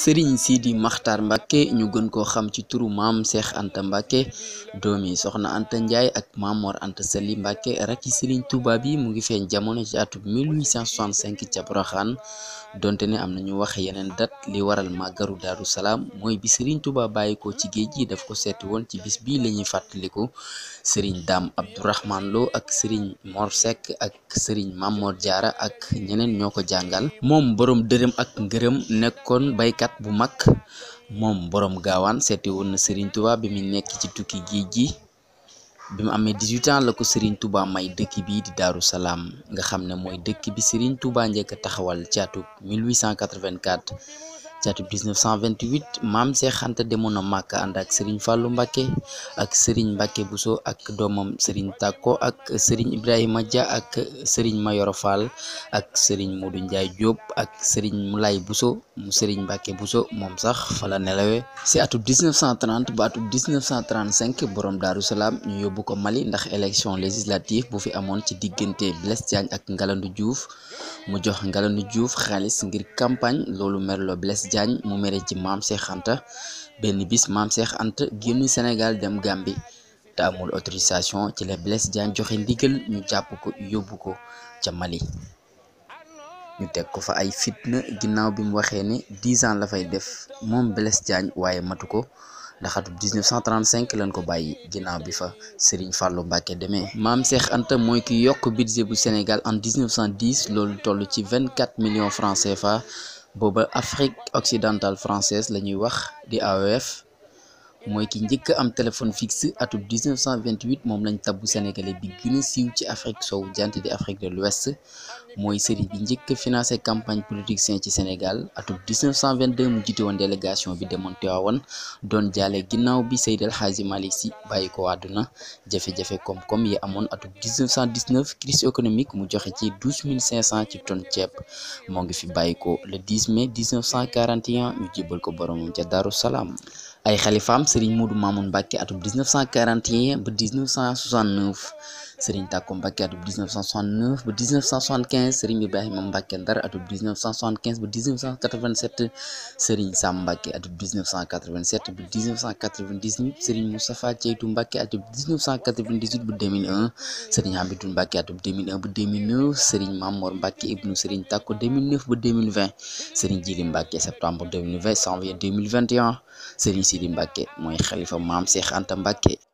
serigne Sidi makhtar Mbàkke ñu gën ko xam ci turu mam Cheikh Anta Mbàkke domi soxna Anta Njaay ak mamor Mor Anta Sali rek ci serigne touba bi mu ngi feeñ jamono ci atu 1865 ci Poroxaan donte ne amna ñu wax yenen dat li waral garu daru salam moy bi serigne touba bayiko ko ci géej gi daf ko setti won ci bis bi lañuy ñuy serigne dam Abdourahman Lo ak serigne morsek ak serigne mamour jara ak ñenen ñoko jangal mom borom deureum ak ngeureum nekon bay kat bu mag moom boroom gaawaan seeti woon na Serigne Touba bi mu nekk ci tukki gi gi bi mu amee 18 la ko Serigne Touba may dëkk bi di Daaru Salaam nga xam ne mooy dëkk bi Serigne Touba njëkk a taxawal caatu 1884 jatu 1928 maam Seex Anta demoon na Màkka ànd ak Serigne fallu Mbacké ak Serigne Mbacké Bousso ak doomam Serigne Takko ak Serigne Ibrahima Dia ak Serigne Mayoro Fall ak Serigne du Ndiaye Diop ak sëriñ Serigne Moulay Bousso mu Serigne Mbacké Bousso moom sax fa la nelawee si atu 1930 ba atu 1935 borom Daaru Salaam ñu yóbbu ko Mali ndax élection législative bu fi amoon ci diggante Blaise Diagne ak Ngalandou Diouf mu jox Ngalandou Diouf xaalis ngir campagne loolu merloo Blaise Diagne mu mere ci maam Cheikh Anta benn bis maam Cheikh Anta génn Sénégal dem Gambie te amul autorisation ci la Blaise Diagne joxe ndigal ñu jàpp ko yóbbu ko ca Mali ñu teg ko fa ay fitna ginnaaw bi mu waxee ne dix ans la fay def moom Blaise Diagne waaye matu ko ndax atum 1935 lañ ko bàyyi ginnaaw bi fa Serigne Fallou Mbacké demee maam Cheikh Anta mooy ki yokk budget bu Sénégal en 1910 loolu toll ci 24 million francs fa Bouba Afrique occidentale française le new wax di AOF mooy ki njëkk am téléphone fixe atum 1928 moom lañ tabbu sénégalais bi gën a siiw ci Afrique sow jant di Afrique de l'Ouest mooy sëriñ bi njëkk financé campagne politique sain ci Sénégal atum 1922 mu jite woon délégation bi demoon Tiwaawan doon jaale ginnaaw bi Seydi El Hadji Malick bàyyi ko àdduna jafe-jafe koom-koom yi amoon atum 1919 crise économique mu joxe ci 12 500 ci tonne ceeb moo ngi fi bàyyi ko le 10 mai 1941 ñu jébal ko boromam ca Daaru Salaam. ay xalifaam Serigne Modou Mamoun Mbacké atum 1941 ba 1969 sëriñ Tàkko Mbàkke atub 1969 ba 1975 sëriñ Ibrahima Mbàkke Ndar atub 1975 ba 1987 sëriñ Sam Mbàkke atub 1987 ba 1998 sëriñ Moustapha Ceytu Mbàkke atub 1998 ba 2001 sëriñ Hamidou Mbàkke atub 2001 ba 2009 sëriñ Mamor Mbàkke ibnu sëriñ Tàkko 2009 sëriñ Jili Mbàkke septembre sëriñ Sidi Mbàkke mooy xalifa maam Cheikh Anta Mbàkke